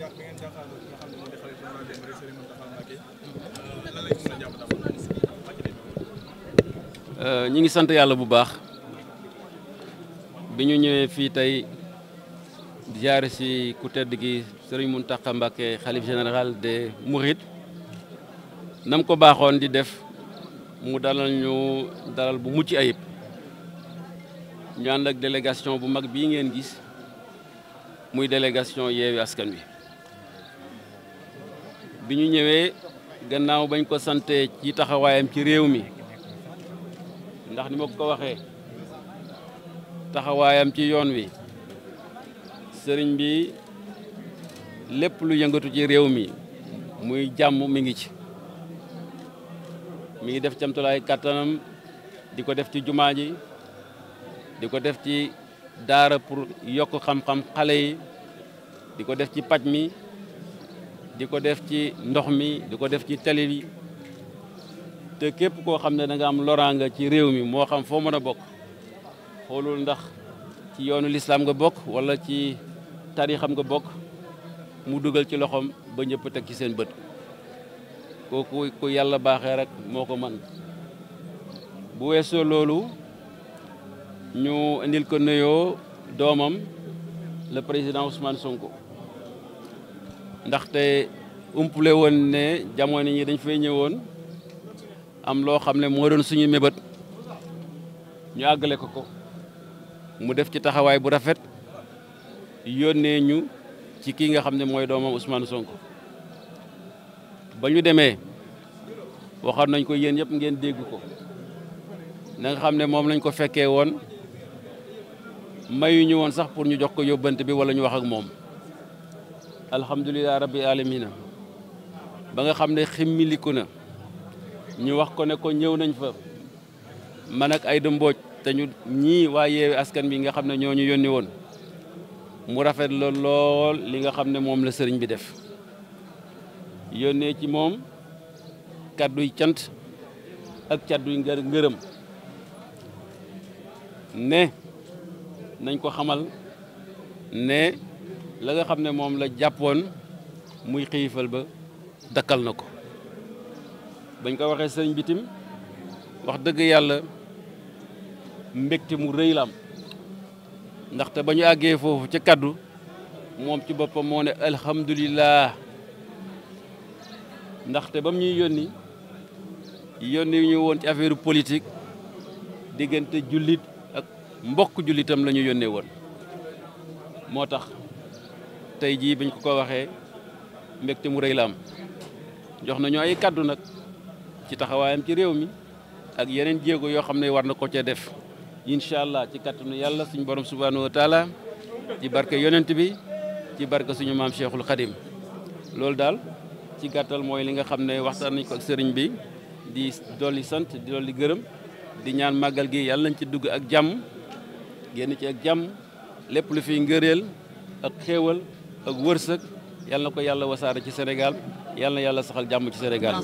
Euh, euh, ñi ngi sant yàlla bu baax bi ñu ñëwee fii tey ziyaare si ku tedd gi sëriñ Mountakha Mbacké xalif général de Mourides nam ko baaxoon di def mu dalal ñu dalal bu mucc ayib ñu ànd ak délégation bu mag bii ngeen gis muy délégation yeewi askan wi bi ñu ñëwee gannaaw bañ ko sante ci taxawaayam ci réew mi ndax ni ma ko waxee taxawaayam ci yoon wi sëriñ bi lépp lu yëngatu ci réew mi muy jàmm mi ngi ci mi ngi def camtulaay kàttanam di ko def ci jumaa ji di ko def ci daara pour yokk xam-xam xale yi di ko def ci paj mi di ko def ci ndox mi di ko def ci tali bi te képp koo xam ne danga am loraanga ci réew mi moo xam foo mën a bokk xoolul ndax ci yoonu lislaam nga bokk wala ci tarixam nga bokk mu dugal ci loxoom ba ñëpp teg ci seen bët kooku ku yàlla baaxee rek moo ko mën bu weesoo loolu ñu indil ko nuyoo doomam le président Ousmane Sonko ndaxte umpule woon ne jamono yi dañ fay ñëwoon am loo xam ne moo doon suñu mébét ñu àggale ko ko mu def ci taxawaay bu rafet yónnee ñu ci kii nga xam ne mooy doomam Ousmane Sonko ba ñu demee waxoon nañ ko yéen yëpp ngeen dégg ko nanga xam ne moom lañ ko fekkee woon mayuñu woon sax pour ñu jox ko yóbbante bi walla ñu wax ak moom alhamdulilah rabbi alamina ba nga xam ne ximmiliku na ñu wax ko ne ko ñëw nañ fa man ak ay dëmbooj te ñu ñii waa yeewi askan bi nga xam ne ñoo ñu yónni woon mu rafet lool lool li nga xam ne moom la sëriñ bi def yónnee ci moom kàdduy cant ak kàdduy ngërëm ne nañ ko xamal ne la nga xam ne moom la jàppoon muy xiifal ba dakkal na ko bañ ko waxee sëñ bitim wax dëgg yàlla mbégte mu rëy la am ndaxte ba ñu àggee foofu ci kàddu moom ci boppam moo ne alhamdulilah ndaxte ba mu ñuy yónni yónni ñu woon ci affaire politique diggante jullit ak mbokk jullitam la ñu yónnee woon moo tax tey jii biñ ko ko waxee mbégte mu rëy la am jox nañu ay kàddu nag ci taxawaayam ci réew mi ak yeneen jéego yoo xam ne war na ko cee def incha allah ci kàttanu yàlla suñu borom subhanahu wa taala ci barke yonent bi ci barke suñu maam Cheikhul Khadim loolu daal ci gàttal mooy li nga xam ne waxtaan nañ ko ak sëriñ bi di dolli sant di dolli gërëm di ñaan màggal gi yàlla nañ ci dugg ak jàmm génn ci ak jàmm lépp lu fiy ngëreel ak xéewal ak wërsëg yal na ko yàlla wasaare ci Sénégal yal na yàlla saxal jàmm ci Sénégal.